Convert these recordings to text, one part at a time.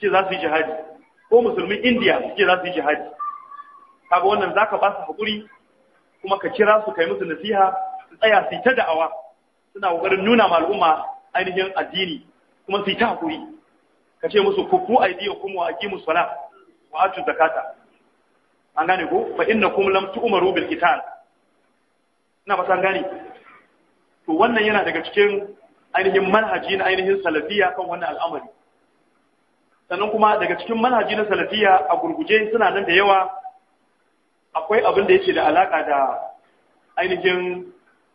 suke za su yi jihadi ko musulmin indiya suke za su yi jihadi kaga wannan za ka ba su haƙuri kuma ka kira su kai musu nasiha su tsaya su yi ta da'awa suna ƙoƙarin nuna ma al'umma ainihin addini kuma su yi ta haƙuri ka ce musu kuku aidiyo kuma wa aqimu sala wa atu zakata an gane ko fa innakum lam tu'maru bil qital ina ba san gane to wannan yana daga cikin ainihin manhaji na ainihin salafiya kan wannan al'amari sannan kuma daga cikin manhaji na salafiya a gurguje suna nan da yawa akwai abin da yake da alaka da ainihin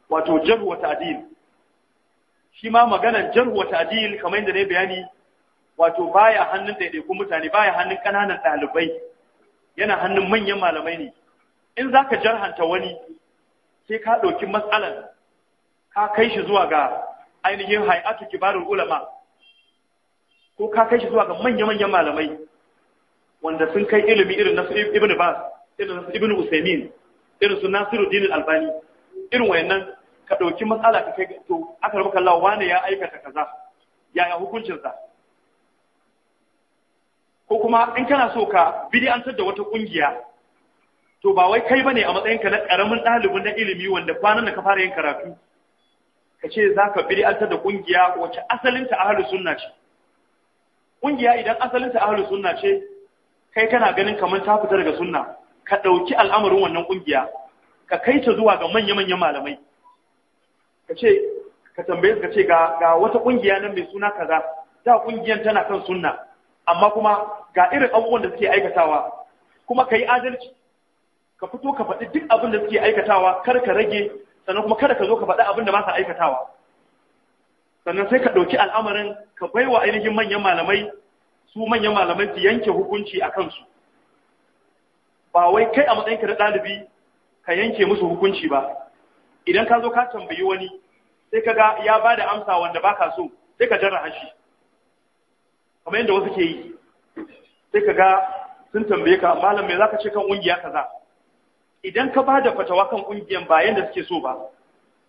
wato jarhu wa ta'dil shi ma maganar jarh wa ta'dil kamar yadda ne bayani wato baya hannun daidaikun mutane baya hannun kananan ɗalibai yana hannun manyan malamai ne in zaka jarhanta wani sai ka ɗauki matsalar ka kai shi zuwa ga ainihin hay'atu kibarul ulama ko ka kai shi zuwa ga manya-manyan malamai wanda sun kai ilimi irin na ibn Bas irin na ibn Usaimin irin su Nasiruddin Albani irin wayannan ka ɗauki matsala ka kai to aka rubuta Allah wane ya aikata kaza yaya hukuncinsa ko kuma in kana so ka an da wata kungiya to ba wai kai bane a matsayinka na karamin ɗalibin na ilimi wanda kwanan da ka fara yin karatu ka ce za ka bid'antar da kungiya wacce asalinta ahlus sunna ce kungiya idan asalinta ahlus sunna ce kai kana ganin kamar ta fita daga sunna ka dauki al'amarin wannan kungiya ka kai ta zuwa ga manya-manyan malamai ka ce ka tambaye ka ce ga wata kungiya nan mai suna kaza da kungiyar tana kan sunna amma kuma ga irin abubuwan da suke aikatawa kuma ka adalci ka fito ka faɗi duk abin da suke aikatawa kar ka rage sannan kuma kada ka zo ka faɗi abin da ba sa aikatawa sannan sai ka ɗauki al'amarin ka baiwa ainihin manyan malamai su manyan malamai su yanke hukunci a kansu ba wai kai a matsayinka na ɗalibi ka yanke musu hukunci ba idan ka zo ka tambayi wani sai ka ga ya ba da amsa wanda ba ka so sai ka jarra hashi kamar yadda wasu ke yi sai ka ga sun tambaye ka malam me za ka ce kan ƙungiya kaza idan ka ba da fatawa kan ƙungiyan ba yadda suke so ba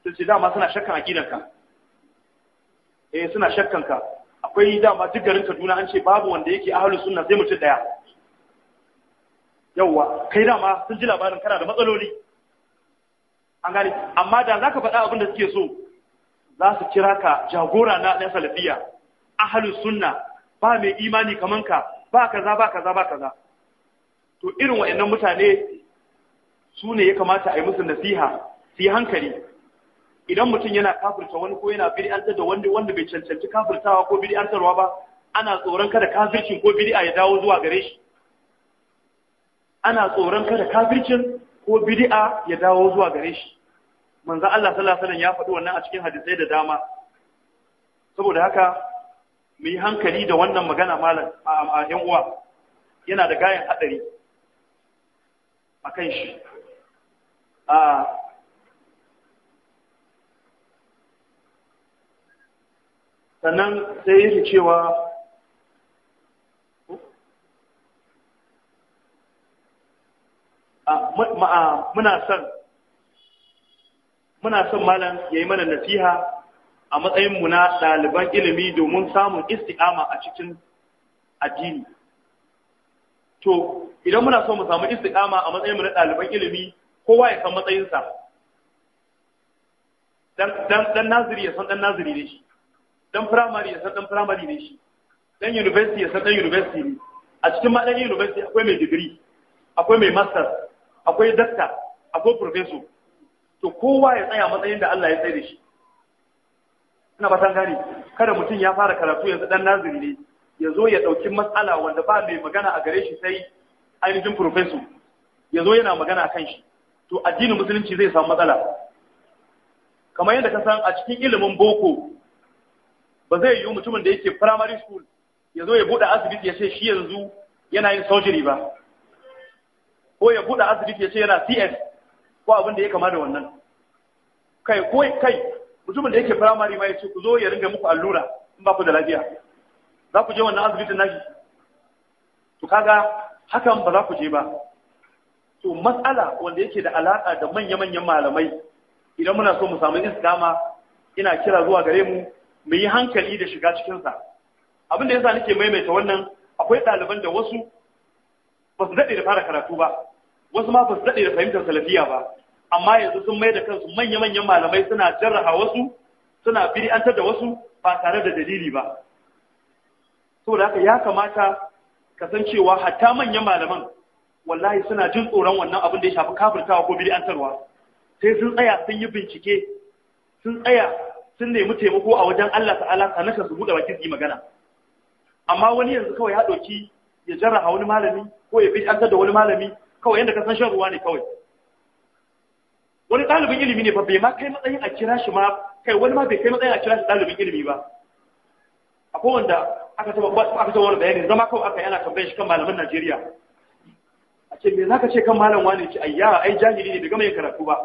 sai ce dama suna shakkan aƙidanka eh suna shakkan ka akwai dama duk garin Kaduna an ce babu wanda yake ahlus sunna sai mutum daya yawa kai dama sun ji labarin kana da matsaloli an gani. amma da zaka faɗa abin da suke so za su kira ka jagora na na salafiya ahlus sunna ba mai imani kaman ka ba kaza ba kaza ba kaza to irin wa'annan mutane su ne ya kamata a yi musu nasiha su yi hankali idan mutum yana kafirta wani ko yana bid'antar da wanda wanda bai cancanci kafirtawa ko bid'antarwa ba ana tsoron kada kafircin ko bid'a ya dawo zuwa gare shi ana tsoron kada kafircin ko bid'a ya dawo zuwa gare shi manzo Allah sallallahu alaihi wasallam ya faɗi wannan a cikin hadisai da dama saboda haka mu yi hankali da wannan magana malam a yan uwa yana da gayan hadari akan shi a sannan sai yi cewa ah, ah, muna son muna son malam ya yi mana nasiha a matsayinmu na ɗaliban ilimi domin samun isti'ama a cikin addini to idan muna son mu samu isti'ama a matsayinmu na ɗaliban ilimi kowa ya san matsayinsa dan naziri ya san dan naziri ne shi dan firamare ya san dan firamare ne shi dan university ya san dan university ne a cikin ma dan university akwai mai digiri akwai mai master akwai doctor akwai professor to kowa ya tsaya matsayin da Allah ya tsaye da shi ina ba san gane kada mutum ya fara karatu yanzu dan naziri ne ya zo ya dauki matsala wanda ba mai magana a gare shi sai ainihin professor ya zo yana magana kan shi to addinin musulunci zai samu matsala kamar yadda ka san a cikin ilimin boko ba zai yiwu mutumin da yake primary school ya zo ya buɗe asibiti ya ce shi yanzu yana yin surgery ba ko ya buɗe asibiti ya ce yana cs ko abin da ya kama da wannan kai ko kai mutumin da yake primary ma ya ce ku zo ya ringa muku allura in ba ku da lafiya za ku je wannan asibitin nashi to kaga hakan ba za ku je ba to matsala wanda yake da alaƙa da manya-manyan malamai idan muna so mu samu iskama ina kira zuwa gare mu mu yi hankali da shiga cikinsa abin da yasa nake maimaita wannan akwai ɗaliban da wasu ba su daɗe da fara karatu ba wasu ma ba su daɗe da fahimtar salafiya ba amma yanzu sun mai da kansu manya-manyan malamai suna jarraha wasu suna biri'antar da wasu ba tare da dalili ba saboda haka ya kamata cewa hatta manyan malaman wallahi suna jin tsoron wannan abin da ya shafi kafirtawa ko bir'antarwa sai sun tsaya sun yi bincike sun tsaya sun nemi taimako a wajen Allah ta'ala sanaka su buɗe bakin su yi magana amma wani yanzu kawai ya ɗauki ya jarraha wani malami ko ya bid'antar da wani malami kawai yadda ka san shan ruwa ne kawai wani ɗalibin ilimi ne ba bai ma kai matsayin a kira shi ma kai wani ma bai kai matsayin a kira shi ɗalibin ilimi ba akwai wanda aka taɓa aka taɓa wani bayani zama kawai aka yana tambayar shi kan malaman Najeriya a ce me zaka ce kan malam wani ce ayya ai jahili ne bai gama yin karatu ba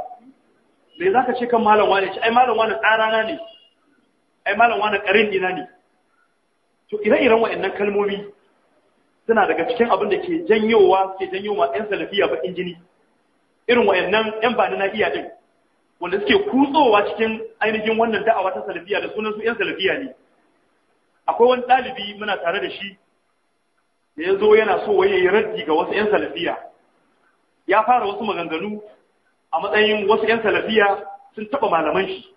me za ka ce kan malam wane ce ai malam wane tsarana ne ai malam wane karin dina ne to ire-iren wa'annan kalmomi suna daga cikin abin da ke janyowa ke ma yan salafiya bakin jini irin wa'annan yan bani na iya din wanda suke kutsowa cikin ainihin wannan da'awa ta salafiya da sunan su yan salafiya ne akwai wani ɗalibi muna tare da shi da ya zo yana so wai ya yi raddi ga wasu yan salafiya ya fara wasu maganganu a matsayin wasu 'yan salafiya sun taɓa malaman shi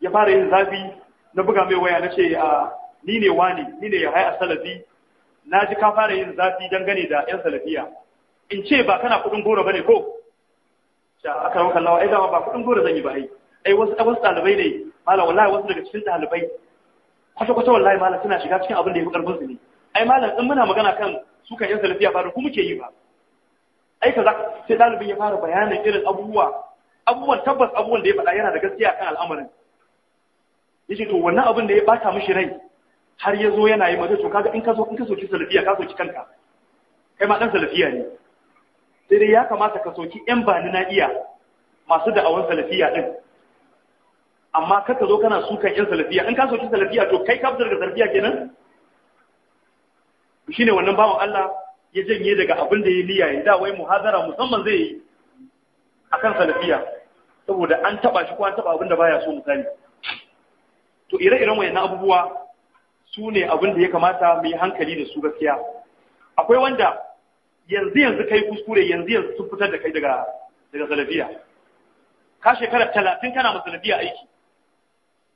ya fara yin zafi na buga mai waya na ce a ni ne wani ni ne ya haya salafi na ji ka fara yin zafi dangane da 'yan salafiya in ce ba kana kuɗin goro ba ne ko sha aka rauka lawa ai dama ba kuɗin goro zan yi ba ai ai wasu wasu ɗalibai ne malam wallahi wasu daga cikin ɗalibai kwata kwata wallahi malam suna shiga cikin abin da ya fi ƙarfin su ne ai malam in muna magana kan su kan 'yan salafiya ba da ku muke yi ba ai kaza sai dalibin ya fara bayanin irin abubuwa abubuwan tabbas abubuwan da ya faɗa yana da gaskiya kan al'amarin yace to wannan abin da ya bata mishi rai har ya zo yana yi mace to kaga in ka so in ka soki salafiya ka soki kanka kai ma dan salafiya ne sai dai ya kamata ka soki yan bani na iya masu da'awan salafiya din amma ka ka zo kana sukan yan salafiya in ka soki salafiya to kai ka fitar da salafiya kenan shine wannan bawan Allah ya janye daga abin da ya niyya ya da wai muhazara musamman zai yi a kan salafiya saboda an taba shi ko an taba abin da baya so misali to ire-iren wayannan abubuwa su ne abin da ya kamata mu yi hankali da su gaskiya akwai wanda yanzu yanzu kai kuskure yanzu yanzu sun fitar da kai daga daga salafiya ka shekara talatin kana ma salafiya aiki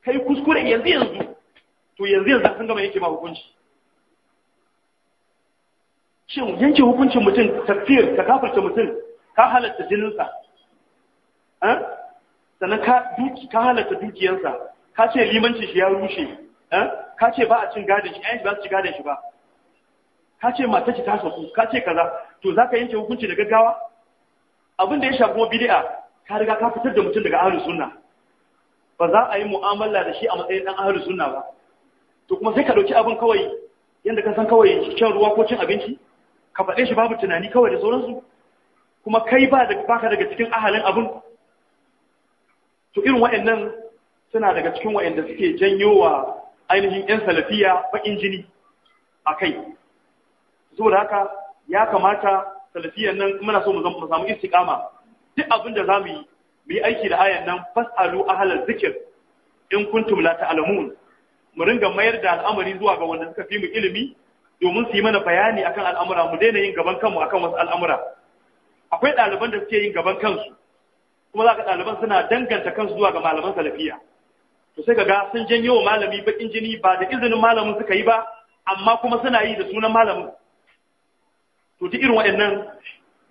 kai kuskure yanzu yanzu to yanzu yanzu sun gama yake ma hukunci shin yanke hukuncin mutum tafiyar ka kafarta mutum ka halatta jininsa eh? sannan ka halatta dukiyarsa ka ce limanci shi ya rushe eh? ka ce ba a cin gadon shi ayyuka ba su ci gadon shi ba ka ce mata ci ta sauku ka ce kaza to za ka yanke hukunci da gaggawa abin da ya shafi bid'a ka riga ka fitar da mutum daga ahlus sunna ba za a yi mu'amala da shi a matsayin dan ahlus sunna ba to kuma sai ka dauki abin kawai yanda ka san kawai shan ruwa ko cin abinci ka faɗe shi babu tunani kawai da sauransu kuma kai ba da baka daga cikin ahalin abin to irin wa'annan suna daga cikin wa'anda suke janyo wa ainihin yan salafiya bakin jini a kai saboda haka ya kamata salafiyan nan muna so mu samu istiqama duk abin da zamu yi mu yi aiki da ayan nan fasalu ahlal zikr in kuntum la ta'lamun mu ringa mayar da al'amari zuwa ga wanda suka fi mu ilimi domin su yi mana bayani akan al'amura mu daina yin gaban kanmu akan wasu al'amura akwai ɗaliban da suke yin gaban kansu kuma za ka ɗaliban suna danganta kansu zuwa ga malaman salafiya to sai ka ga sun janyo wa malami baƙin jini ba da izinin malamin suka yi ba amma kuma suna yi da sunan malamin to duk irin waɗannan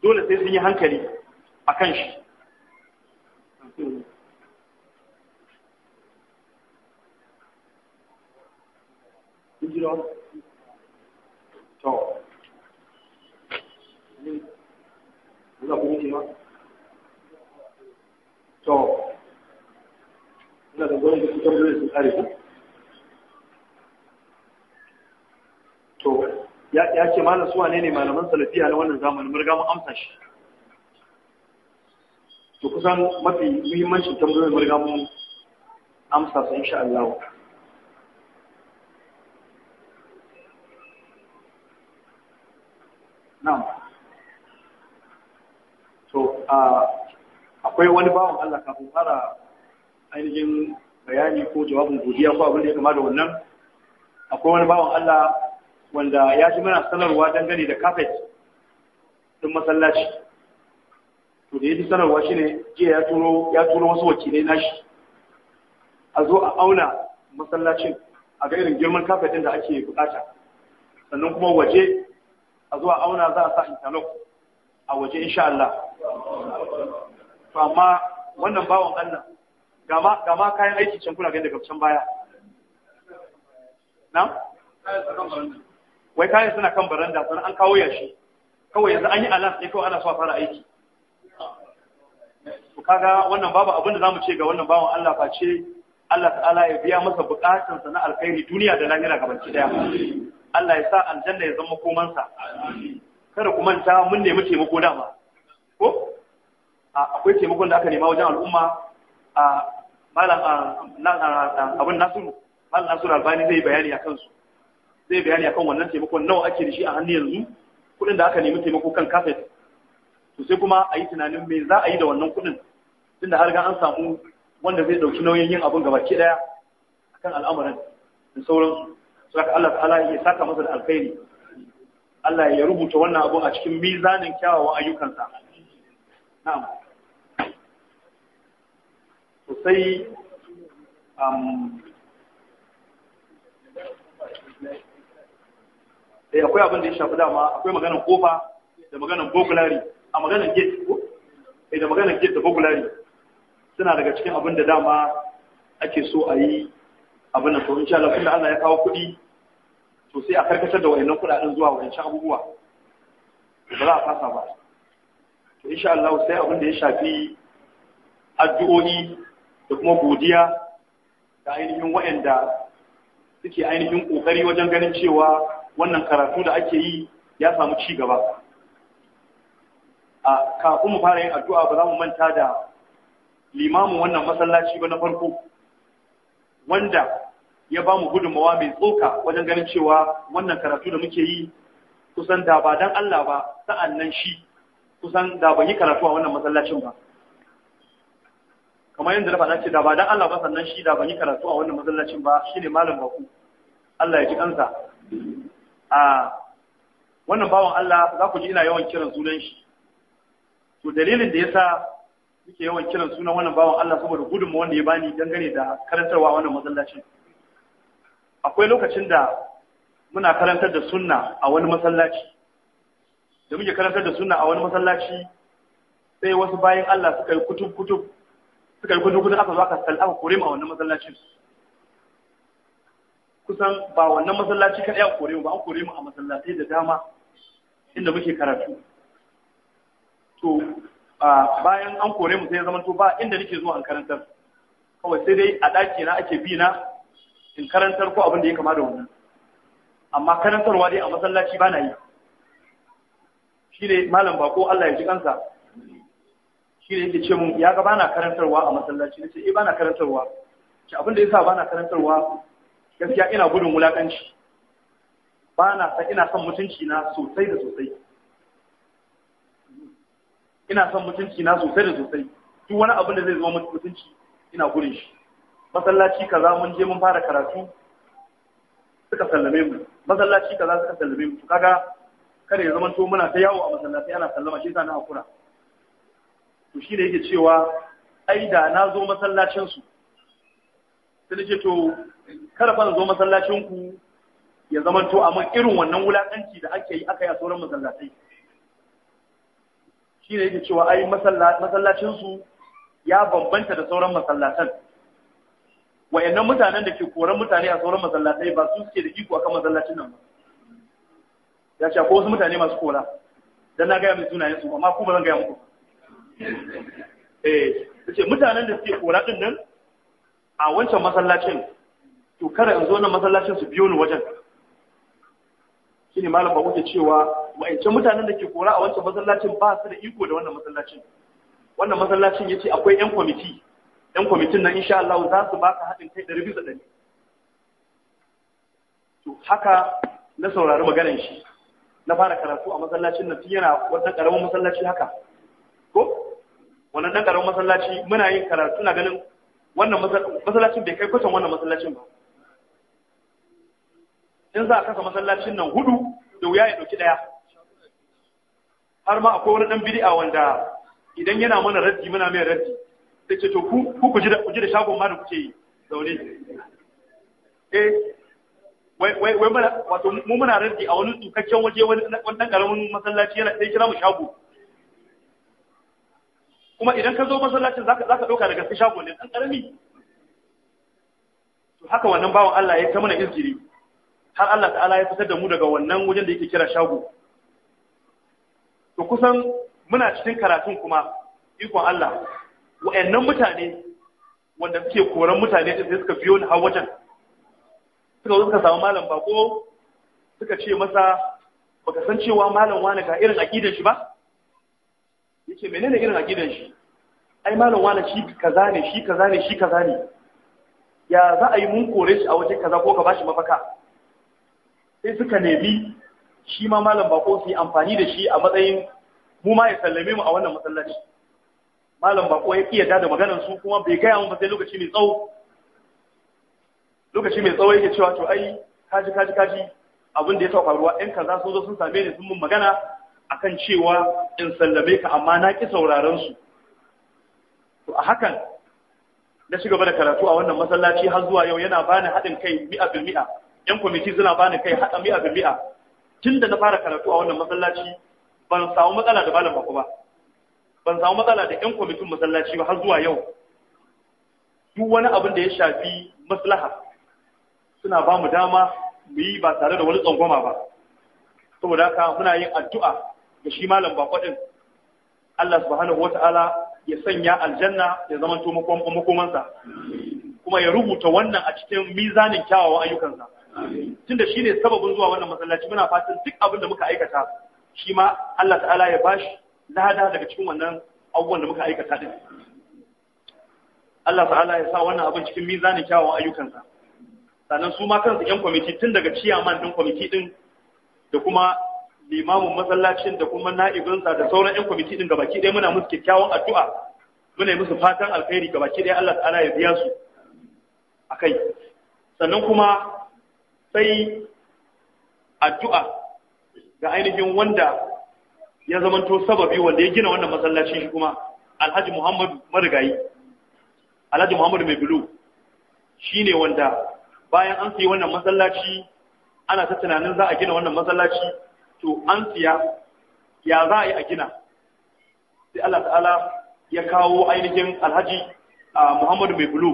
dole sai sun yi hankali a kan shi Thank you. to za ya ce malam su ne ne malaman salafiya na wannan zamanin mun riga mun amsa shi to kusan mafi muhimmancin tambayoyin mun riga mun amsa su insha Allah akwai wani bawan Allah kafin fara ainihin bayani ko jawabin godiya ko abin da ya kama da wannan akwai wani bawan Allah wanda ya ji mana sanarwa dangane da kafet din masallaci to da ya ji sanarwa ne, jiya ya turo wasu wakilai nashi a zo a auna masallacin a ga irin girman kafet din da ake bukata sannan kuma waje a zo a auna za a sa interlock a waje insha Allah to amma wannan bawan Allah gama gama kayan aiki can kuna gani daga can baya na wai kayan suna kan baranda sana an kawo yashi kawai yanzu an yi alas sai kawai ana so fara aiki to kaga wannan babu abin da zamu ce ga wannan bawan Allah ba ce Allah ta'ala ya biya masa sa na alkhairi duniya da lahira gabaki daya Allah ya sa aljanna ya zama komansa kada ku manta mun nemi taimako dama ko akwai taimakon da aka nema wajen al'umma a malam abin nasiru malam nasiru albani zai bayani a kansu. zai bayani a kan wannan taimakon nawa ake da shi a hannu yanzu kuɗin da aka nemi taimako kan kafet to sai kuma a yi tunanin me za a yi da wannan kuɗin tunda har ga an samu wanda zai ɗauki nauyin yin abin gabaki ɗaya akan al'amuran da sauransu saka Allah ta'ala ya saka masa da alkhairi Allah ya rubuta wannan abun a cikin mizanin kyawawan ayyukansa na'am sosai sai eh akwai abin da ya shafi dama akwai maganar kofa da maganar bogulari a maganar gate ko eh da maganar gate da bogulari suna daga cikin abin da dama ake so a yi abin da to insha Allah Allah ya kawo kuɗi sosai a karkatar da wayannan kuɗaɗen zuwa wayancan abubuwa ba za a fasa ba to insha Allah sai abin da ya shafi addu'o'i da kuma godiya ga ainihin waɗanda suke ainihin ƙoƙari wajen ganin cewa wannan karatu da ake yi ya samu ci gaba a kafin mu fara yin addu'a ba za mu manta da limamin wannan masallaci ba na farko wanda ya ba mu gudunmawa mai tsoka wajen ganin cewa wannan karatu da muke yi kusan da ba don Allah ba sa'an nan shi kusan da ba yi karatu a wannan masallacin ba kamar yadda na faɗa ce da ba dan Allah ba sannan shi da ban yi karatu a wannan masallacin ba Shi ne malam baku Allah ya ji kansa a wannan bawan Allah za ku ji ina yawan kiran sunan shi to dalilin da yasa muke yawan kiran sunan wannan bawan Allah saboda gudunmu wanda ya bani dangane da karantarwa wannan masallacin akwai lokacin da muna karantar da sunna a wani masallaci da muke karantar da sunna a wani masallaci sai wasu bayan Allah suka yi kutub kutub suka yi gudu gudu aka zo aka sal aka kore mu a wannan masallacin kusan ba wannan masallaci kaɗai aka kore mu ba an kore mu a masallatai da dama inda muke karatu to bayan an kore mu sai ya zama to ba inda nake zuwa an karantar kawai sai dai a ɗaki na ake bi na in karantar ko abin da ya kama da wannan amma karantarwa dai a masallaci ba na yi shi ne malam bako Allah ya ji kansa shi ne yake ce mun ya ga bana karantarwa a masallaci nace eh bana karantarwa ce abin da yasa bana karantarwa gaskiya ina gudun wulakanci bana sa ina son mutunci na sosai da sosai ina son mutunci na sosai da sosai duk wani abin da zai zama mutunci ina gudun shi masallaci kaza mun je mun fara karatu suka sallame mu masallaci kaza suka sallame mu kaga kada ya zama to muna ta yawo a masallaci ana sallama shi yasa na hakura to shine yake cewa ai da na zo masallacin su sai nake to kada fa zo masallacin ku ya zama to amma irin wannan wulakanci da ake yi aka yi a sauran masallatai shine yake cewa ai masallacin su ya bambanta da sauran masallatan wayannan mutanen da ke koran mutane a sauran masallatai ba su suke da iko akan masallacin nan ba ya ce ko wasu mutane masu kora dan na gaya mai sunayen su amma ku ba zan gaya muku eh ce mutanen da suke kora din nan a wancan masallacin to kada in zo nan masallacin su biyo ni wajen shine malam babu ke cewa wa'ancan mutanen da ke kora a wancan masallacin ba su da iko da wannan masallacin wannan masallacin yace akwai yan kwamiti yan kwamitin nan insha Allah za su baka haɗin kai ɗari bisa ɗari to haka na saurari maganar shi na fara karatu a masallacin nan yana wannan karamin masallaci haka wannan dan karamin masallaci muna yin karatu na ganin wannan masallacin bai kai kusan wannan masallacin ba in za a kasa masallacin nan hudu da wuya ya dauki daya har ma akwai wani dan bid'a wanda idan yana mana raddi muna mai raddi sai ce to ku ku ji da ku ji da shagon ma da kuke zaune eh wai wai wai wato mu muna raddi a wani tsukakken waje wani dan karamin masallaci yana sai kira mu shago kuma idan ka zo masallacin zaka zaka dauka daga gaske shago ne dan karami to haka wannan bawan Allah ya ta mana izgiri har Allah ta'ala ya fitar da mu daga wannan wajen da yake kira shago to kusan muna cikin karatun kuma ikon Allah wa'annan mutane wanda suke koran mutane da suka biyo ni har wajen suka zo suka samu malam bako suka ce masa baka san cewa malam wani ga irin aqidar shi ba yake menene irin a gidan shi ai malam wani shi kaza ne shi kaza ne shi kaza ne ya za a yi mun kore shi a waje kaza ko ka bashi mafaka sai suka nemi shi ma malam bako su yi amfani da shi a matsayin mu ma ya sallame mu a wannan masallaci malam bako ya kiyarda da maganar su kuma bai gaya mun ba sai lokaci mai tsawo lokaci mai tsawo yake cewa to ai kaji kaji kaji abin da ya sauka faruwa ɗan kaza sun zo sun same ni sun mun magana akan cewa in sallame ka amma na ƙi sauraron su to a hakan na shiga gaba da karatu a wannan masallaci har zuwa yau yana bani haɗin kai mi'a bil mi'a yan kwamiti suna bani kai haɗa mi'a bil mi'a tun na fara karatu a wannan masallaci ban samu matsala da malam bako ba ban samu matsala da yan kwamitin masallaci ba har zuwa yau duk wani abin da ya shafi maslaha suna ba mu dama mu yi ba tare da wani tsangwama ba saboda haka muna yin addu'a da shi malam ba kwadin Allah subhanahu wata'ala ya sanya aljanna ya zama to makomansa kuma ya rubuta wannan a cikin mizanin kyawawan ayyukansa tunda shine sababin zuwa wannan masallaci muna fatan duk abin da muka aikata shi ma Allah ta'ala ya bashi lada daga cikin wannan abubuwan da muka aikata din Allah ta'ala ya sa wannan abin cikin mizanin kyawawan ayyukansa sannan su ma kansu 'yan kwamiti tun daga ciyaman ɗin kwamiti ɗin da kuma limamin masallacin da kuma na'ibinsa da sauran 'yan kwamiti ɗin gabaki ɗaya muna musu kyakkyawan addu'a muna musu fatan alkhairi gabaki ɗaya Allah ta'ala ya biya su a kai sannan kuma sai addu'a ga ainihin wanda ya zamanto sababi wanda ya gina wannan masallaci. shi kuma alhaji muhammadu marigayi alhaji muhammadu mai bulu shi ne wanda bayan an sayi wannan masallaci ana ta tunanin za a gina wannan masallaci to an siya ya za a yi a gina sai Allah ta'ala ya kawo ainihin alhaji Muhammadu mai bulu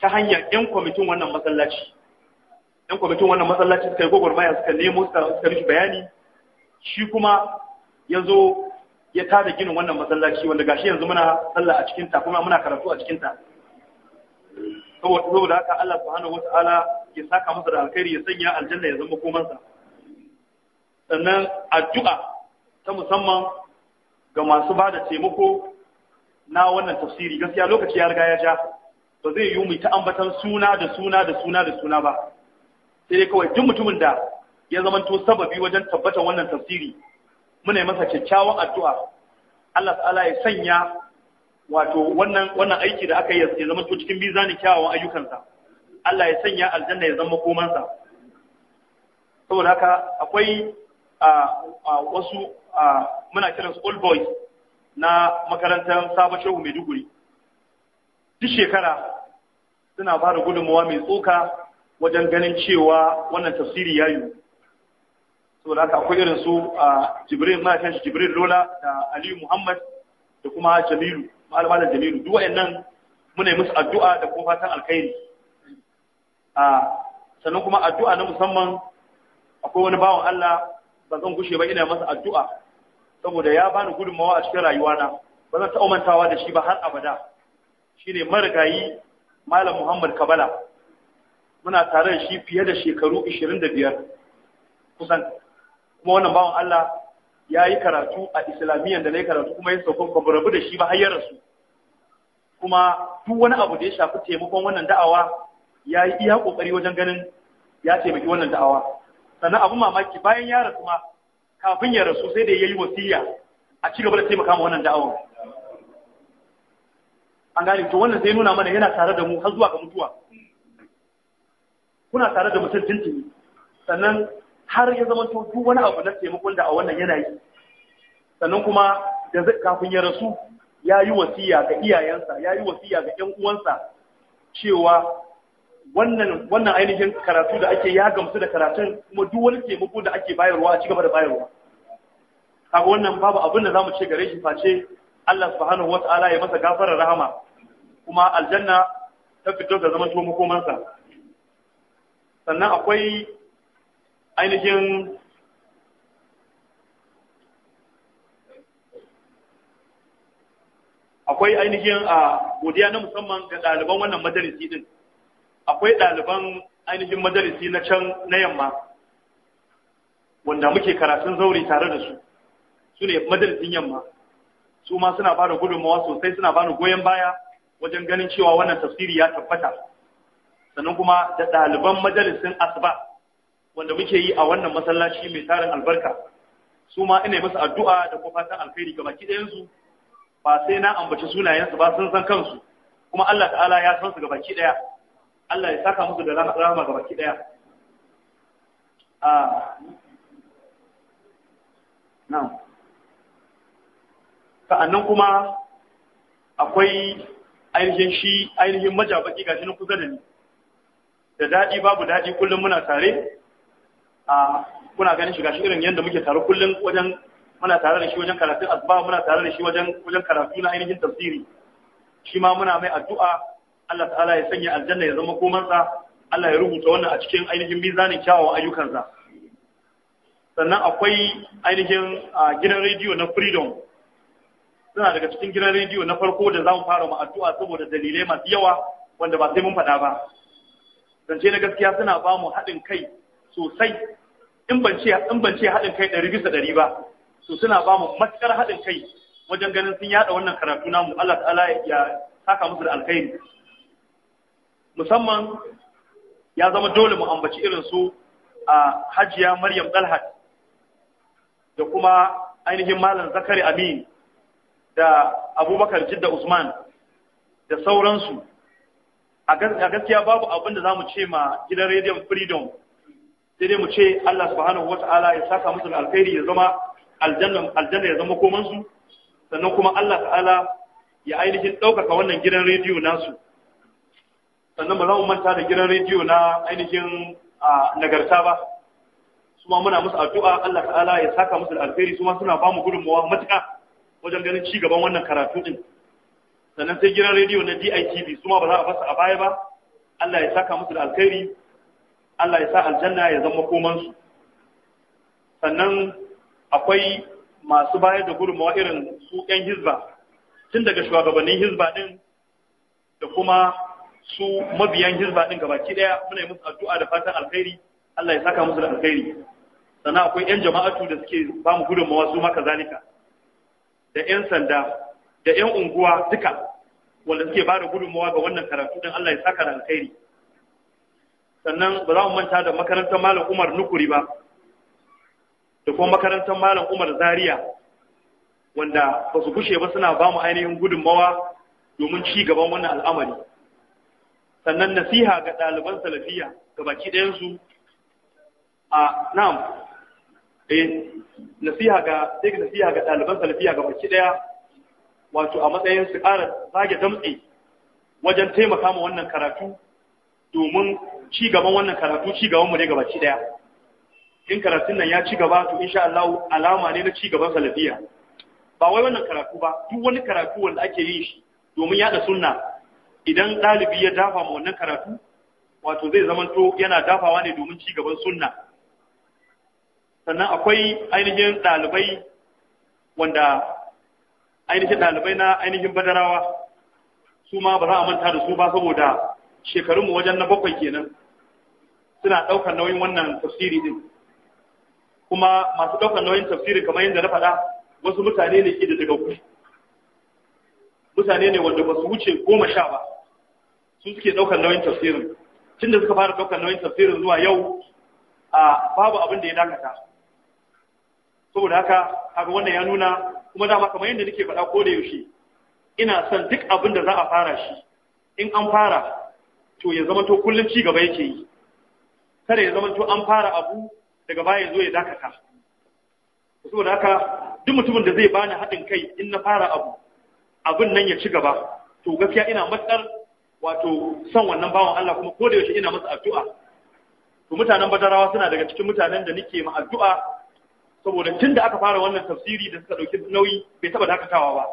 ta hanyar 'yan kwamitin wannan masallaci yan kwamitin wannan masallaci suka yi gwagwarmaya suka nemo suka rufe bayani shi kuma ya zo ya tada ginin wannan masallaci wanda gashi yanzu muna sallah a cikinta kuma muna karatu a cikinta saboda haka Allah subhanahu wata'ala ya saka masa da alkhairi ya sanya aljanna ya zama komansa sannan addu'a ta musamman ga masu ba da taimako na wannan tafsiri gaskiya lokaci ya riga ya ja ba zai yi mu ta ambatan suna da suna da suna da suna ba sai dai kawai duk mutumin da ya zamanto sababi wajen tabbatar wannan tafsiri muna yi masa kyakkyawan addu'a Allah ta'ala ya sanya wato wannan aiki da aka yi ya zamanto cikin mizanin kyawawan ayyukansa Allah ya sanya aljanna ya zama komansa saboda haka akwai wasu muna kiran su boys na makarantar sabon shehu maiduguri duk shekara suna fara gudummawa mai tsoka wajen ganin cewa wannan tafsiri ya yi so da akwai irin su a jibril ma kan shi jibril lola da aliyu muhammad da kuma jamilu da jamilu duk wayannan muna yi musu addu'a da kuma fatan alkhairi a sannan kuma addu'a na musamman akwai wani bawan Allah ba zan gushe ba ina masa addu'a saboda ya bani gudunmawa a cikin rayuwana ba zan taɓa mantawa da shi ba har abada shine marigayi malam muhammad kabala muna tare da shi fiye da shekaru 25 kusan kuma wannan bawan Allah ya yi karatu a islamiyyar da na yi karatu kuma ya sauka kuma da shi ba har rasu kuma duk wani abu da ya shafi taimakon wannan da'awa ya yi iya kokari wajen ganin ya taimaki wannan da'awa sannan abin mamaki bayan ya rasu ma kafin ya rasu sai da ya yi wasiya a ci gaba da taimaka ma wannan da'awar an gane to wannan sai nuna mana yana tare da mu har zuwa ga mutuwa kuna tare da mutum tuntuni sannan har ya zama duk wani abu na taimakon da a wannan yanayi? sannan kuma da kafin ya rasu ya yi wasiya ga iyayensa ya yi wasiya ga 'yan uwansa cewa wannan ainihin karatu da ake ya gamsu da karatun kuma duk wani taimako da ake bayarwa a ci gaba da bayarwa kaga wannan babu abin da zamu ce gare shi face Allah subhanahu wataala ya masa gafarar rahama kuma aljanna ta fito da zama tuwo makomansa sannan akwai ainihin akwai ainihin a ah, godiya na musamman ga ɗaliban wannan majalisi din akwai ɗaliban ainihin majalisi na can na yamma wanda muke karatun zauri tare da su su ne majalisin yamma su ma suna ba da gudunmawa sosai suna ba goyon baya wajen ganin cewa wannan tafsiri ya tabbata sannan kuma da ɗaliban majalisin asuba wanda muke yi a wannan masallaci mai tarin albarka su ma ina musu addu'a da kuma fatan alkhairi ga baki su ba sai na ambaci sunayensu ba sun san kansu kuma Allah ta'ala ya san su ga baki ɗaya Allah ya saka musu da rahama ga baki daya a ah. na'am sa'annan kuma akwai ainihin shi ainihin majabaki gashi na kusa da ni da daɗi babu daɗi kullum muna tare a ah, kuna ganin shi gashi irin yadda muke tare kullum wajen muna tare da shi wajen karatun azba muna tare da shi wajen wajen karatu na ainihin tafsiri shi ma muna mai addu'a Allah ta'ala ya sanya aljanna ya zama komansa Allah ya rubuta wannan a cikin ainihin mizanin kyawawan ayyukansa sannan akwai ainihin gidan rediyo na freedom suna daga cikin gidan rediyo na farko da zamu fara mu addu'a saboda dalilai masu yawa wanda ba sai mun faɗa ba zance na gaskiya suna ba mu haɗin kai sosai in ban ce in ban ce haɗin kai ɗari bisa ɗari ba to suna ba mu matuƙar haɗin kai wajen ganin sun yaɗa wannan karatu namu Allah ta'ala ya saka musu da alkhairi musamman ya zama dole mu ambaci irin su a hajiya maryam dalhat da kuma ainihin malam zakari amin da abubakar jidda usman da sauransu a gaskiya babu abin da za mu ce ma gidan rediyon freedom sai dai mu ce allah subhanahu wa ta'ala ya saka musu alkhairi ya zama aljanna ya zama komansu sannan kuma allah ta'ala ya ainihin ɗaukaka wannan gidan rediyo nasu sannan ba za mu manta da gidan rediyo na ainihin nagarta ba su ma muna musu addu'a Allah ta'ala ya saka musu da alheri su ma suna ba mu gudunmawa matuƙa wajen ganin ci gaban wannan karatu din sannan sai gidan rediyo na DITV su ma ba za a fasa a baya ba Allah ya saka musu da alheri Allah ya sa aljanna ya zama su sannan akwai masu bayar da gudunmawa irin su 'yan hizba tun daga shugabannin hizba din da kuma su mabiyan hizba din gabaki daya muna yi musu addu'a da fatan alkhairi Allah ya saka musu da alkhairi sannan akwai yan jama'atu da suke ba mu gudun su maka zalika da yan sanda da yan unguwa duka wanda suke ba da mawa ga wannan karatu din Allah ya saka da alkhairi sannan ba za mu manta da makarantar malam Umar Nukuri ba da kuma makarantar malam Umar Zaria wanda ba su gushe ba suna ba mu ainihin gudunmawa domin ci gaban wannan al'amari sannan nasiha ga ɗaliban salafiya ga baki ɗayansu a nan, eh nasiha ga sai nasiha ga ɗaliban salafiya ga baki ɗaya wato a matsayin su ƙara zage damtse wajen taimaka ma wannan karatu domin ci gaban wannan karatu ci gaban mu ne ga baki ɗaya in karatun nan ya ci gaba to insha Allah alama ne na ci gaban salafiya ba wai wannan karatu ba duk wani karatu wanda ake yin shi domin yada sunna idan ɗalibi ya dafa ma wannan karatu wato zai zamanto yana dafawa ne domin ci gaban sunna sannan akwai ainihin ɗalibai wanda ainihin ɗalibai na ainihin badarawa su ma ba za a manta da su ba saboda shekarun mu wajen na bakwai kenan suna ɗaukar nauyin wannan tafsiri din kuma masu ɗaukar nauyin tafsiri kamar yadda na faɗa wasu mutane ne ke da daga mutane ne wanda ba su wuce goma sha ba su suke ɗaukar nauyin tafsirin tunda suka fara ɗaukar nauyin tafsirin zuwa yau a babu abin da ya dakata saboda haka haka wannan ya nuna kuma dama kamar yadda nake faɗa ko da yaushe ina son duk abin da za a fara shi in an fara to ya zama to kullum ci gaba yake yi kada ya zama to an fara abu daga baya zo ya dakata saboda haka duk mutumin da zai bani haɗin kai in na fara abu abin nan ya ci gaba to gaskiya ina matsar wato son wannan bawan Allah kuma ko da yaushe ina masa addu'a to mutanen badarawa suna daga cikin mutanen da nake ma addu'a saboda tun aka fara wannan tafsiri da suka dauki nauyi bai taba dakatawa ba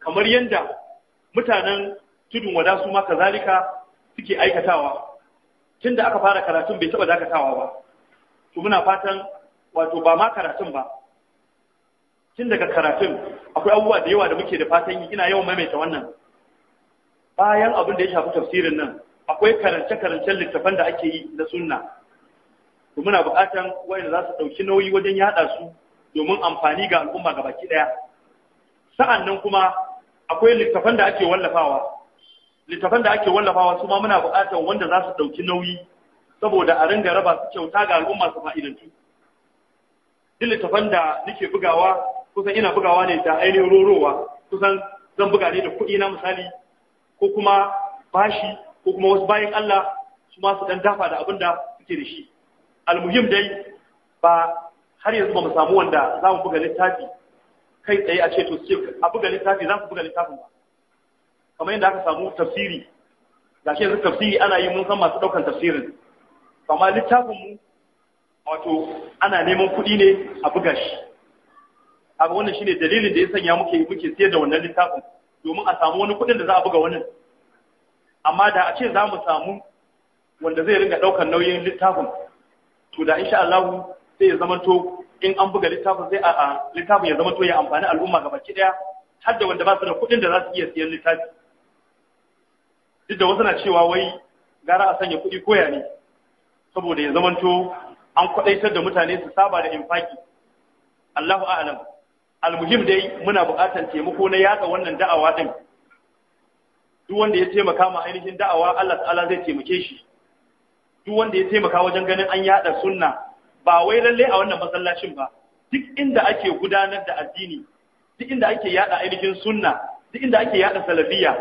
kamar yanda mutanen tudun wada su ma kazalika suke aikatawa tun da aka fara karatun bai taba dakatawa ba to muna fatan wato ba ma karatun ba tun daga karatun akwai abubuwa da yawa da muke da fatan yi ina yawan maimaita wannan bayan abin da ya shafi tafsirin nan akwai karance-karancen littafan da ake yi na sunna to muna buƙatan wayanda za su ɗauki nauyi wajen yaɗa su domin amfani ga al'umma ga baki ɗaya sa'an nan kuma akwai littafan da ake wallafawa littafan da ake wallafawa su ma muna buƙatan wanda za su ɗauki nauyi saboda a ringa raba su kyauta ga al'umma su fa'idantu duk littafan da nake bugawa kusan ina bugawa ne da ainihin rorowa kusan zan buga ne da kuɗi na misali ko kuma bashi ko kuma wasu bayan Allah su ma su dafa da abin da suke da shi almuhim dai ba har yanzu ba mu samu wanda za mu buga littafi kai tsaye a ce to ce a buga littafi za ku buga littafin ba kamar yadda aka samu tafsiri ga shi yanzu tafsiri ana yi mun san masu ɗaukan tafsirin amma littafin mu wato ana neman kuɗi ne a buga shi kaga wannan shine dalilin da ya sanya muke muke sayar da wannan littafin domin a samu wani kuɗin da za a buga wannan amma da a ce za mu samu wanda zai ringa ɗaukar nauyin littafin to da insha Allah sai ya to in an buga littafin sai a littafin ya to ya amfani al'umma gabaki daya har da wanda ba su da kuɗin da za su iya siyan littafi duk da wasu na cewa wai gara a sanya kuɗi koya ne saboda ya zamanto an kwaɗaitar da mutane su saba da infaki Allahu a'lam almuhim dai muna buƙatar taimako na yatsa wannan da'awa din duk wanda ya taimaka ma ainihin da'awa Allah ta'ala zai taimake shi duk wanda ya taimaka wajen ganin an yaɗa sunna ba wai lalle a wannan masallacin ba duk inda ake gudanar da addini duk inda ake yaɗa ainihin sunna duk inda ake yaɗa salafiya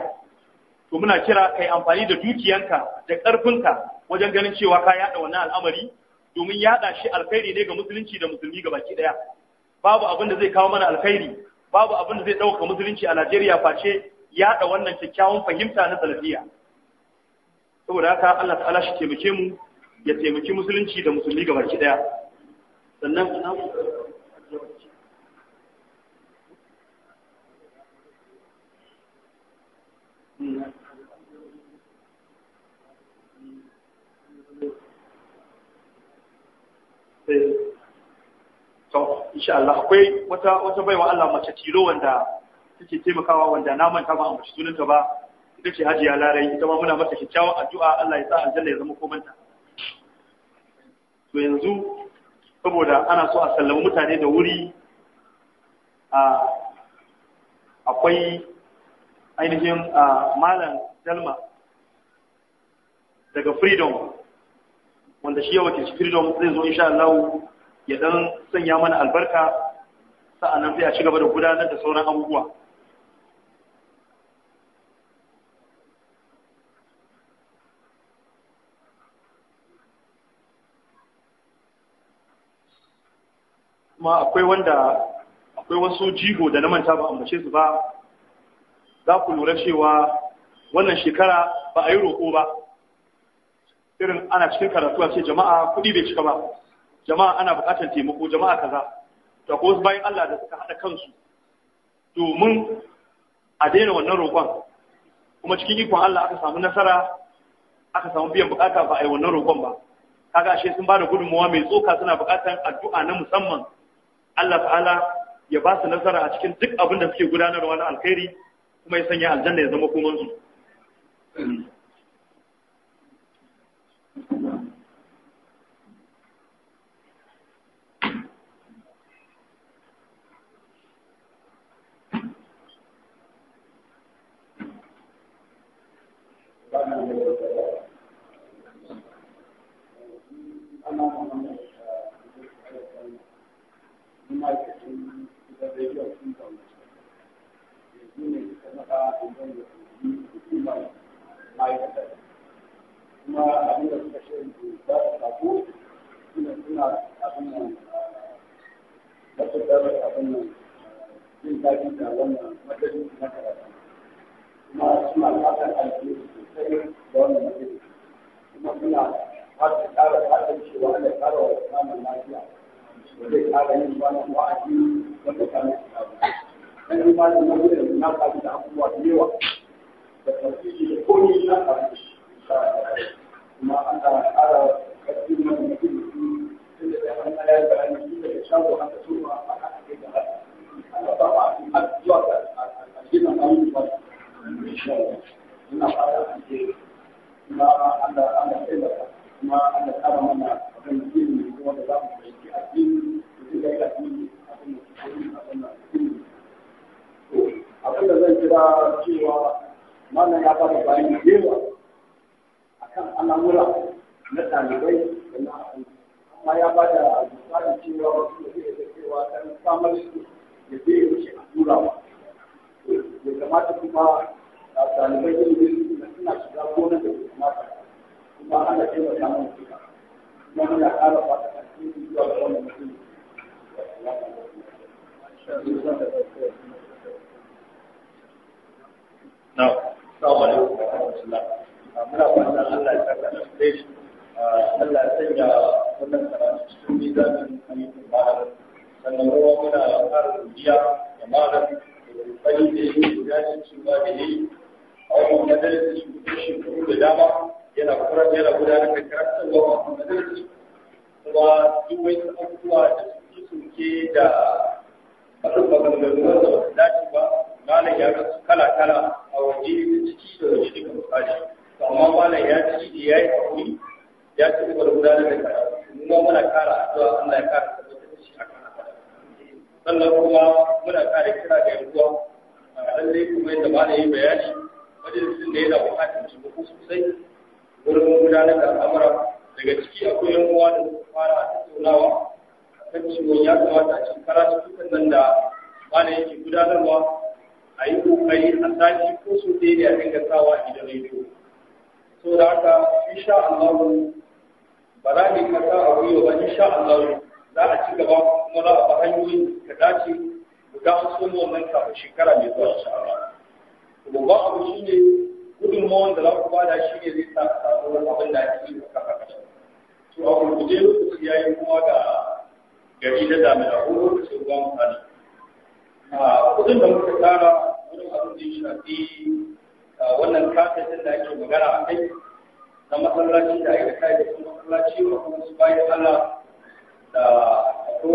to muna kira kai amfani da dukiyanka da karfinka wajen ganin cewa ka yada wannan al'amari domin yaɗa shi alkhairi ne ga musulunci da musulmi baki ɗaya. babu abin da zai kawo mana alkhairi babu abin da zai ɗauka musulunci a Najeriya face yaɗa wannan kyakkyawan fahimta na salafiya saboda haka Allah ta'ala shi taimake mu ya taimaki musulunci da musulmi gaba ki daya sannan Thank hmm. you. Eh. to insha Allah akwai wata wata baiwa Allah mace tiro wanda take taimakawa wanda na manta ba amma sunanta ba ita ce Hajiya Larai ita ma muna mata kyakkyawan addu'a Allah ya sa aljanna ya zama ta to yanzu saboda ana so a sallama mutane da wuri a akwai ainihin malam dalma daga freedom wanda shi ya wakilci freedom zai zo insha Allah ya dan sanya mana albarka sa'annan sai a ci gaba da gudanar da sauran abubuwa kuma akwai wanda akwai wasu jigo da na manta ba ambace su ba za ku lura cewa wannan shekara ba a yi roƙo ba irin ana cikin karatu a ce jama'a kuɗi bai cika ba jama'a ana bukatar taimako jama'a kaza to ko wasu bayan Allah da suka hada kansu domin a daina wannan roƙon kuma cikin ikon Allah aka samu nasara aka samu biyan bukata ba a yi wannan roƙon ba kaga ashe sun bada gudunmawa mai tsoka suna buƙatar addu'a na musamman Allah ta'ala ya ba su nasara a cikin duk abin da suke gudanarwa na alkhairi kuma ya sanya aljanna ya zama komansu ma'aikacin gidan rediyon sun zaune su ne not Yeah.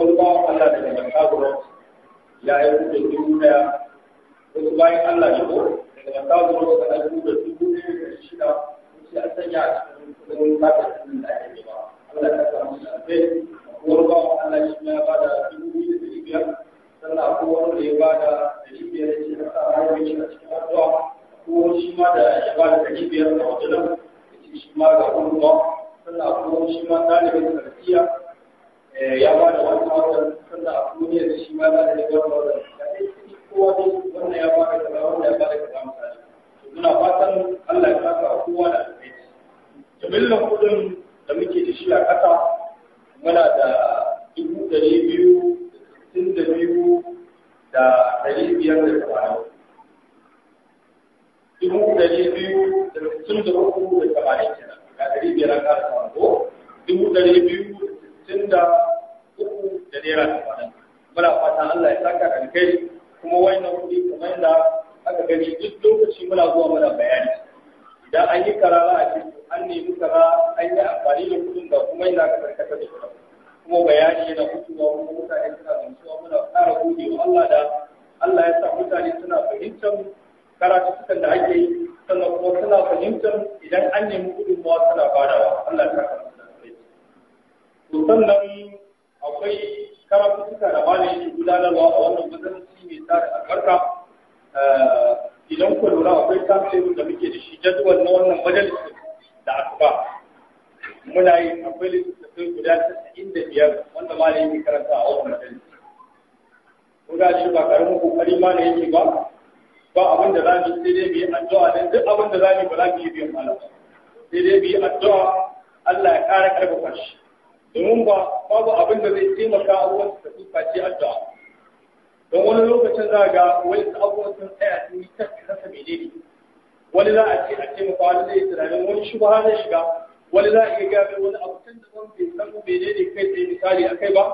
wani bawan Allah daga ya da dubu daya wasu bayan Allah ko daga da dubu da shida sai an sanya a cikin kudin kafin da ake Allah ya sa musu Allah shi ya ba da dubu biyu da biyar sannan wani da ya ba da ɗari da shi a rayuwar shi a cikin addu'a ko shi ma da ya ba da shi ma ɗalibin tarbiyya Eh, ya ba da wani watan sanda a duniya da shi ma da a yi gaba watan da ya ci kowa ne wannan ya ba da kaza wannan ya ba da kaza misali muna fatan Allah ya saka kowa da alheri jimillar kudin da muke da shi a ƙasa muna da dubu ɗari biyu da sittin da biyu da ɗari biyar da tamanin dubu ɗari biyu da sittin da uku da tamanin kenan ga ɗari biyar an ƙara samu dubu ɗari biyu sittin da uku da naira tamanin muna fatan Allah ya saka kai. kuma wannan kuɗi kamar yadda aka gani duk lokaci muna zuwa muna bayani idan an yi karara a cikin an nemi kaza an yi amfani da kuɗin da kuma yana aka karkata da kuɗin kuma bayani yana mutuwa kuma mutane suna gamsuwa muna ƙara gode wa Allah da Allah ya sa mutane suna fahimtar karatukan da ake yi sannan kuma suna fahimtar idan an nemi gudunmawa suna badawa Allah ya saka to sannan akwai karafuka da bane yake gudanarwa a wannan madarasi mai da albarka eh, idan ku lura akwai tafsirin da muke da shi jadwal na wannan majalisi da asuba muna yi akwai littattafai guda tasa'in da biyar wanda malam yake karanta a wannan majalisi ko da shi ba karamin kokari ma ne yake ba ba abin da za mu sai dai mu yi addu'a dan duk abin da za mu ba za mu yi biyan malam sai dai mu yi addu'a Allah ya ƙara karfafa shi domin ba babu abin da zai taimaka wasu su tafi addu'a don wani lokacin za ga wani abubuwan sun tsaya sun yi tafi rasa menene wani za a ce a taimaka wani zai tunanin wani har zai shiga wani za a iya gaya wani abu can da wani bai san menene kai tsaye misali a kai ba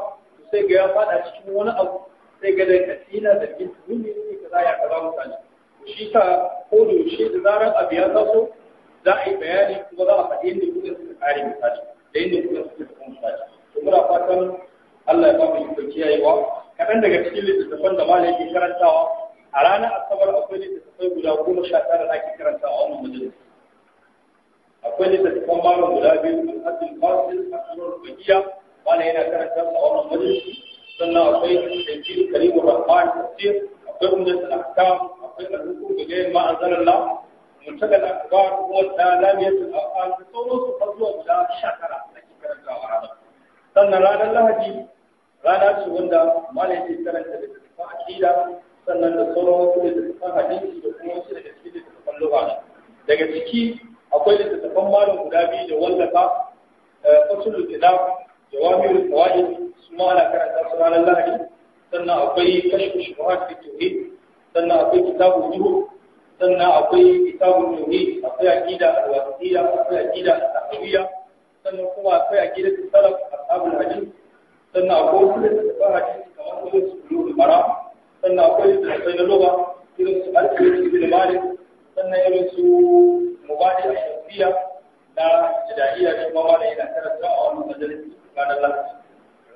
sai ga ya faɗa cikin wani abu sai ga dai kasina da bin tuni ne ya kaza mutane shi ta ko da yaushe da zarar abu ya taso za a yi bayani kuma za a faɗi yadda kuɗin suka kare misali da yadda suka suke da kuma sashi to muna fatan Allah ya ba mu ikon kiyayewa kaɗan daga cikin littattafan da malam yake karantawa a ranar asabar akwai littattafai guda goma sha tara da ake karantawa a wannan majalis akwai littattafan malam guda biyu al'adul fasil asirar bagiya malam yana karanta a wannan majalis sannan akwai tanjil karimu rahman tafsir akwai umdatul ahkam akwai al-hukum bi ghayri ma anzalallah منتقى الأخبار هو التالامية الأفعال تصور تفضل بلا شكرا لكي كرنكا وعرضا سنة رانا الله جي رانا سواندا da ليس a لتتفاع sannan da تصور لتتفاع da وكما وصل لتتفاع لتتفاع لغانا daga ciki akwai littattafan malam guda biyu da wallafa eh, fasulul kitab jawamiul fawaid su ma ana karanta su ranar lahadi sannan akwai kashfu shubuhat fi sannan akwai kitabul juhud sannan akwai kitabun tauhid akwai aqida al-wasiyya akwai aqida al-tahawiyya sannan kuma akwai aqida salaf ashabul hadith sannan akwai wasu da hadisi kamar irin su bulugul maram sannan akwai da sai na loba irin su al-qayyim ibn malik sannan irin su mubadi al-shafiyya na jada'iyya da kuma malai da karanta a wannan majalisi ranar lahadi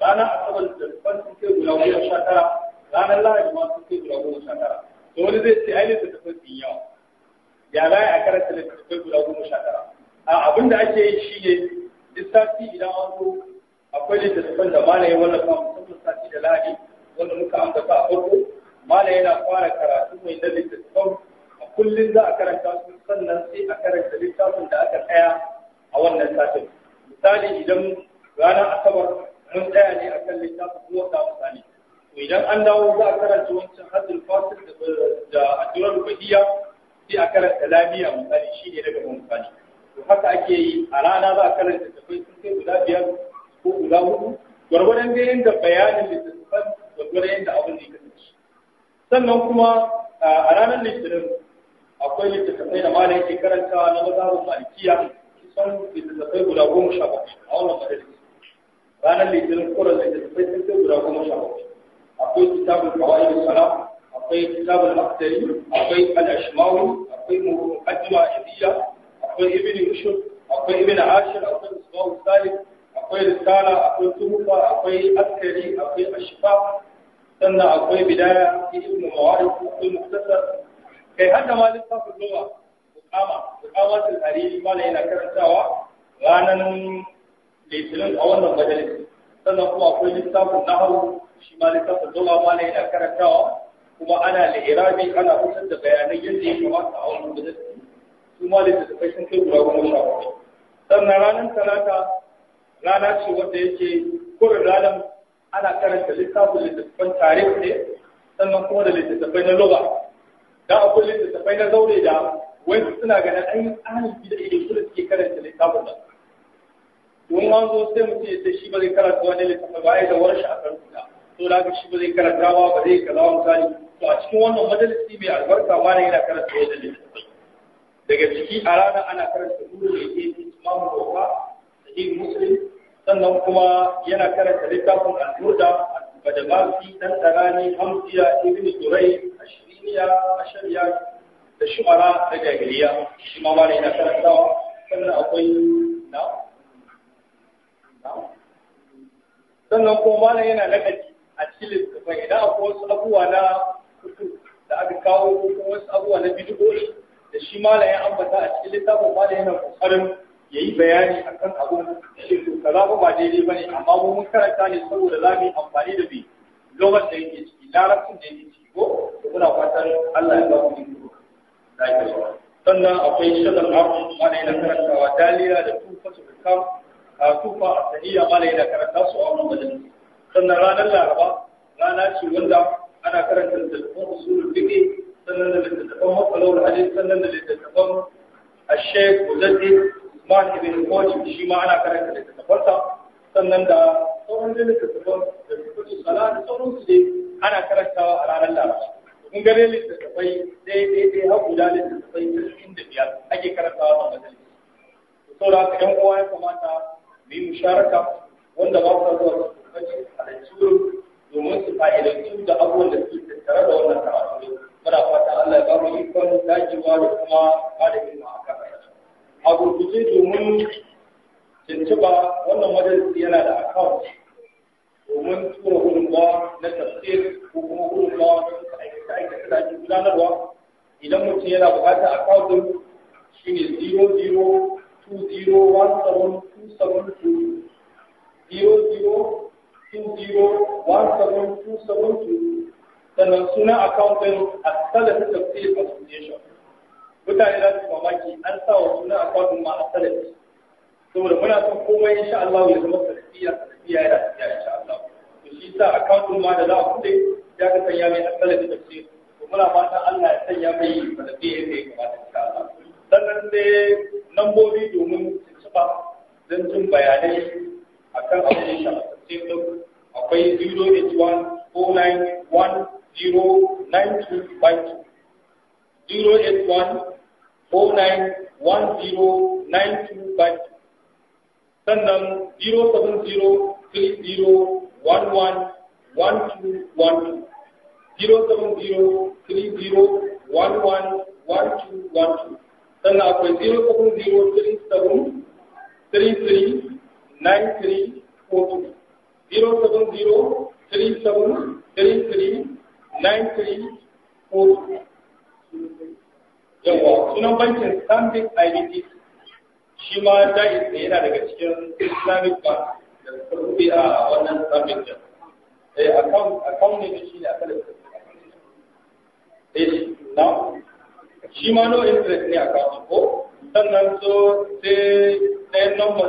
Rana asabar da ban suke guda goma sha tara ranar lahadi ma suke guda goma sha to wani zai ce ai littattafai sun yawa ya za a karanta littattafai guda goma sha tara a abin da ake yi shi ne lissafi idan an zo akwai littattafan da mana ya wallafa musamman sati da lahadi wanda muka ambata a farko mana yana fara karatu mai na littattafan a kullum za a karanta su sannan sai a karanta littafin da aka tsaya a wannan satin misali idan ranar asabar mun tsaya ne akan littafin kuma ta misali idan an dawo za a karanta wancan haddul fasil da addu'ar bahiya sai a karanta lafiya misali shi ne daga misali to haka ake yi a rana za a karanta tafai sun kai guda biyar ko guda hudu gwargwadon da yadda bayanin littattafan gwargwadon da abin da ya kasance sannan kuma a ranar litinin akwai littattafai da malam yake karanta na mazarin malikiya kusan littattafai guda goma sha bakwai a wannan majalisa ranar litinin kuran littattafai sun kai guda goma sha bakwai akwai kitabul qawaid salat akwai kitabul aqdari akwai al-ashmawi akwai muqaddima idiyya akwai ibn ushur akwai ibn ashir akwai isbahu salim akwai risala akwai tuhufa akwai askari akwai ashfa sannan akwai bidaya ibn mawarif akwai muktasar kai hadda ma littafin lugha muqama muqamatul hariri ma yana karantawa ranan litinin a wannan majalis sannan kuma akwai littafin hau. shi ma littafin zuwa ma ne yana karantawa kuma ana li'irabi ana fitar da bayanai yadda ya kamata a wani gudan su ma littattafai sun kai guda goma sha bakwai sannan ranar talata rana ce wanda yake kurin ranar ana karanta littafin littattafan tarih ne sannan kuma da littattafai na loba da akwai littattafai na zaure da wani suna ganin an yi tsarin gida idan kuma suke karanta littafin nan don an zo sai mutum ya ce shi ba zai karanta wani littafi ba a yi da wani shi a karanta to da shi ba zai karanta ba ba zai kaza misali to a cikin wannan majalisi mai albarka ba ne yana karanta wajen ne daga ciki a rana ana karanta nuru da ke mamu roba da yin musulun sannan kuma yana karanta littafin al-burda badamasi dan tsarani hamsiya ibn turai, ashiriniya, ashariya da shumara da jagiriya shi ma ne yana karantawa sannan akwai na sannan kuma ma yana nagari a cikin littattafai idan akwai wasu abubuwa na kutu da aka kawo ko kuma wasu abubuwa na bidigoyi da shi malam ya ambata a cikin littafin malam yana kokarin ya yi bayani akan abun shi to kaza ba ba daidai ba ne amma mu mun karanta ne saboda za mu yi amfani da bi lokacin da yake ciki larabcin da yake ciki ko Kuna fatan Allah ya ba mu iko da ke sannan akwai shagal arzu malam yana karantawa daliya da tufa su kam tufa a saniya malam yana karanta su a wannan majalisa sannan ranar laraba rana ce wanda ana karanta littattafan usulul fiqh sannan da littattafan matsalawar hadith sannan da littattafan ashek mujaddi usman ibn kojim shi ma ana karanta littattafansa sannan da sauran littattafan da kudu sala da sauran su dai ana karantawa a ranar laraba kun gane littattafai daidai dai har da littattafai cikin da biyar ake karantawa a majalisa saboda haka yan uwa ya kamata mu yi musharaka wanda ba su zuwa shugabanci su halarci wurin domin su da abubuwan da suke tattare da wannan karatu ne muna fata Allah ya bamu ikon dajewa da kuma ba da himma a kan a gurguje domin tuntuɓa wannan majalisi yana da account domin tura gudunmawa na tafsir ko kuma gudunmawa na suka aikata aikata da ake gudanarwa idan mutum yana buƙatar account din shi ne 002017272 2701772 sannan sunan account din As-Salafi Tafsir Association mutane za su mamaki an sa wa suna account ma As-Salafi saboda muna son komai insha Allah ya zama salafiya salafiya ya dace insha Allah to shi sa account ma da za a kuɗe ya ka sanya mai As-Salafi Tafsir to muna fata Allah ya sanya mai salafiya ya kai kamata insha Allah sannan sai nambobi domin su ba don jin bayanai akan abin da ya Single Apai 081 49109252. 081 49109252. Sannan 070 30 11 1212. 070 30 11 1212. Sannan akwai 070 37 33 93 42. Zero seven zero three seven three three nine three four yawa sunan bankin stanbic ibtc shi ma jais ne yana daga cikin islamic bank da suka a wannan stanbic din eh account ne shi ne akalin eh na shi ma no interest ne account ko sannan so sai ɗayan number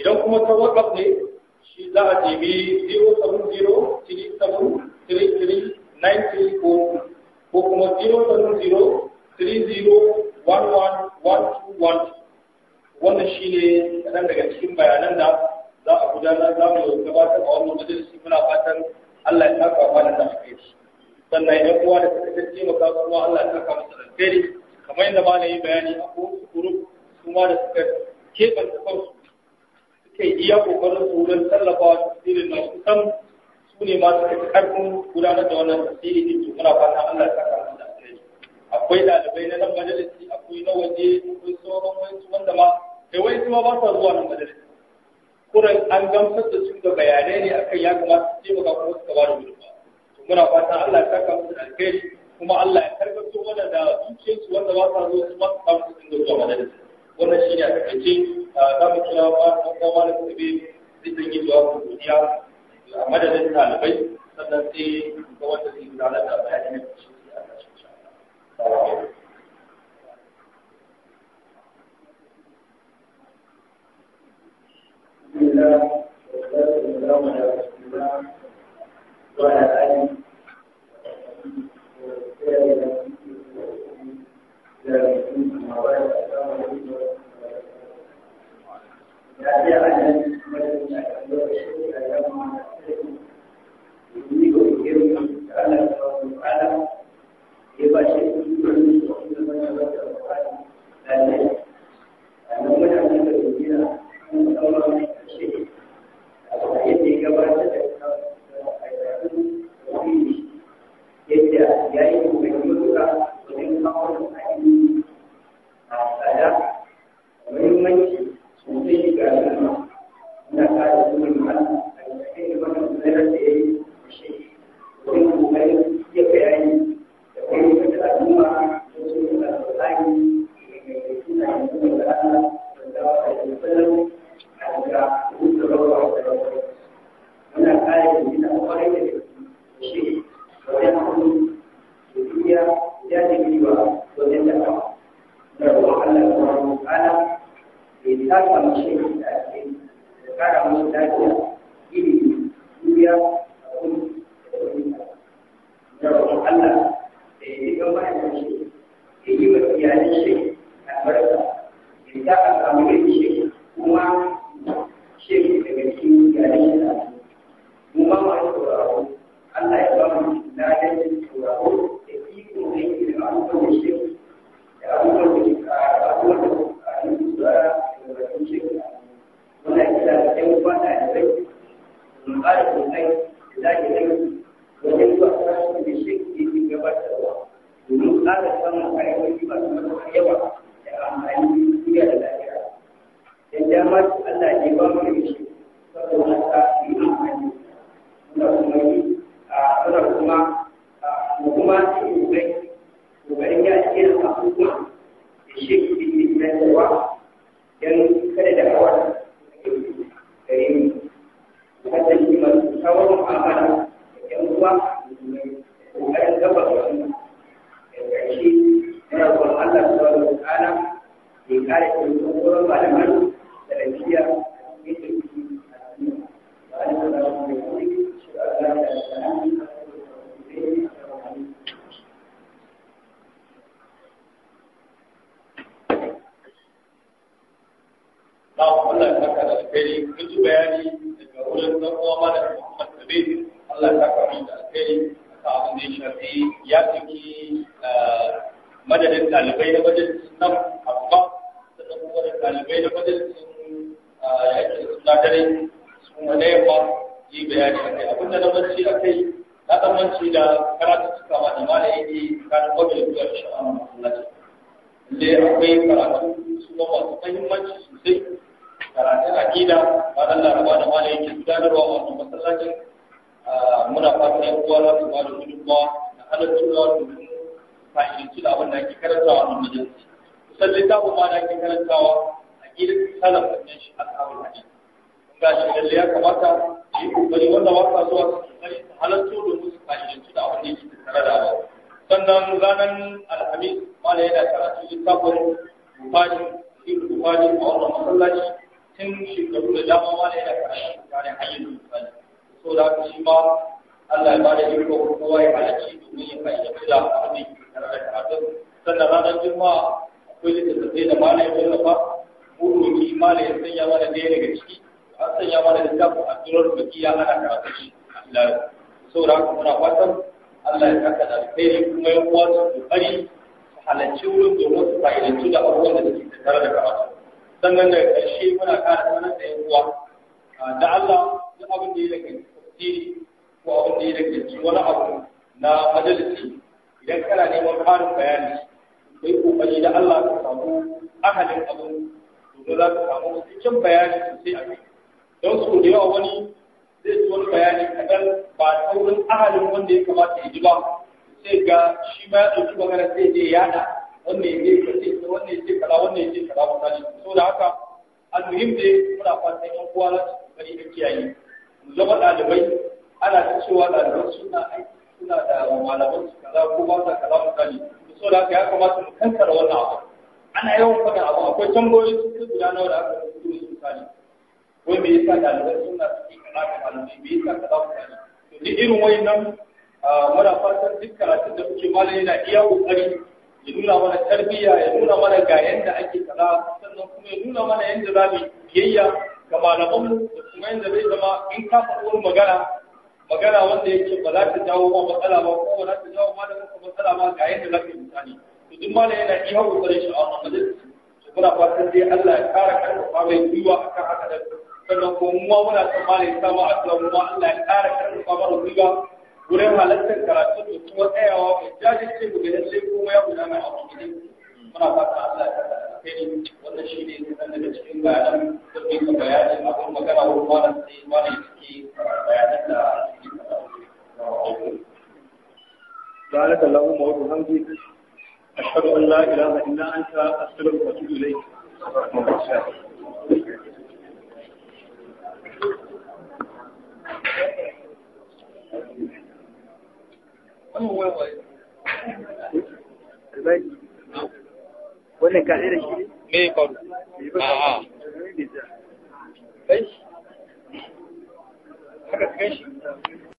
idan kuma ta ne shi za a nemi 070 ko kuma 070 wannan shi ne kadan daga cikin bayanan da za a gudanar za mu gabatar a wannan majalisi muna fatan Allah ya saka wa da shi sannan idan uwa da suka maka kuma Allah ya saka musu alkhairi kamar yadda yi bayani a ko kuma da suka keɓanta kansu suka iya kokarin tsoron tallafa tallafawa tafsirin na kusan su ne masu kai karfin gudanar da wannan tafsiri din ke muna fata Allah ya saka mu da alheri akwai dalibai na nan majalisi akwai na waje akwai sauran wasu wanda ma kai wai kuma ma ba sa zuwa nan majalisi kuran an gamsar da su da bayanai ne akan ya kamata su taimaka kuma suka ba da gudunmawa to muna fata Allah ya saka mu da alheri kuma Allah ya karkato wanda da zuciyarsu wanda ba sa zuwa su ma su samu su dinga zuwa majalisi wannan shine a takaice za mu kira ba ta gawa da tabe zai dan yi a madadin ɗalibai sannan sai ga zai gudanar da a ƙarshen sha'a. Bismillah, Sai akwai karatu su ma masu muhimmanci sosai karatun aƙida ranar laraba da mala yake gudanarwa a masallacin ah, muna fatan yan uwa za su ba da gudunmawa da halartarwa domin fahimci da abin da ake karantawa a wannan kusan littafin ma da ake karantawa a gidan salaf ɗin shi ashabul hadith ga shi lalle ya kamata yi kokari wanda ba sa zuwa su kokari su halarto domin su fahimci da abin da yake tattare da abu sannan ranar alhamis mala yana karatu littafin bukari sirri bukari a wannan masallaci tun shekaru da dama mala yana karatu bukari hanyar da bukari so da haka shi ma Allah ya bada iko kowa ya halarci domin ya fahimci da abin da ke tare da karatun sannan ranar juma'a akwai littattafai da mala ya wallafa muruki mala ya sanya mana ɗaya daga ciki an sanya mana littafin abdurar bakiya ana karatu shi a ilayen da haka muna fatan Allah ya saka da alkhairi kuma ya uwa su kokari su halarci wurin domin su fa'idantu da abubuwan da suke tattare da karatu sannan da ƙarshe muna ƙara sanar da yan uwa da Allah duk abin da ya daga tafsiri ko abin da ya daga wani abu na majalisi idan kana neman ƙarin bayani ko kai kokari da Allah ka samu ahalin abin domin za ka samu cikin bayani sosai a kai don su da yawa wani zai zuwa bayani kadan ba ta wurin ahalin wanda ya kamata ya ji ba sai ga shi ma ya ɗauki magana sai je yaɗa wannan ya ce kala wannan ya ce kaza wannan ya ce kaza misali da haka almuhim dai muna fatan yan uwa na kokari da kiyaye mu zama ɗalibai ana ta cewa ɗaliban suna aiki suna da malaman su kaza ko ba sa kaza so da haka ya kamata mu kankara wannan abu ana yawan faɗin abu akwai tambayoyi sun fi gudanar da aka su misali wai me yasa dalibai suna suke kana da malamai me yasa kaza ku kaza to ni irin nan, muna fatan duk karatun da kuke malami na iya kokari ya nuna mana tarbiyya ya nuna mana ga yanda ake kaza sannan kuma ya nuna mana yanda za mu biyayya ga malamanmu da kuma yanda zai zama in ka faɗi magana magana wanda yake ba za ta jawo ma matsala ba ko ba za ta jawo ma da maka matsala ba ga yadda za ka yi mutane to duk malam yana iya kokarin shi a wannan majalisi to muna fatan dai Allah ya kara karfafa mai gwiwa akan haka da sannan muna tsammanin sama a tsamu ya ƙara karfafa mana gwiwa wurin halartar karatu da kuma tsayawa mai jajirce mu ga lalle kuma ya a cikin kai ne cikin bayanan da a magana wurin malam sai malam ya da أشهد أن لا إله إلا أنت أستغفرك وأتوب إليك Oh, wannan ka da shi me faru a'a haka